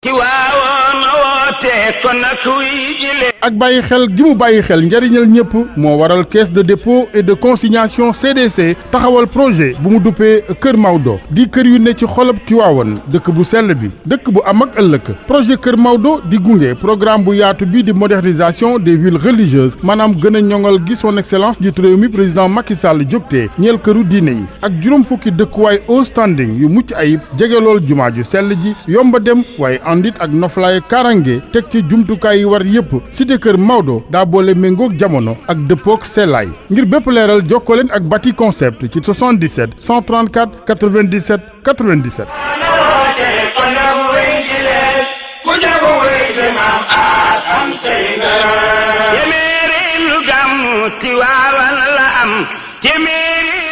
tiwa ak bàyyi xel gi mu bàyyi xel njariñal ñëpp moo waral caisse de dépôt et de consignation CDC taxawal projet bu mu duppee Kër Maodo di kër yu ne ci xolab Tiwaawan dëkk bu sell bi dëkk bu am ak ëllëk projet Kër Maodo di gunge programme bu yaatu bi di modernisation des villes religieuses maanaam gën a ñoŋal gi son excellence jiitu réew mi président Macky Sall jógtee ñeel këru diine yi ak juróom fukki dëkkuwaay au standing yu mucc ayib jege lool jumaa ju sell ji yomba dem waaye àndit ak noflaay karange teg ci jumtukaay yi war yëpp cité kër Maodo daa boole méngoog jamono ak dëppoog sellaay ngir bépp leeral jokkoo ak Bati Concept ci 77 134 97 97. téeméeri lu gàmm ti waawan la am téeméeri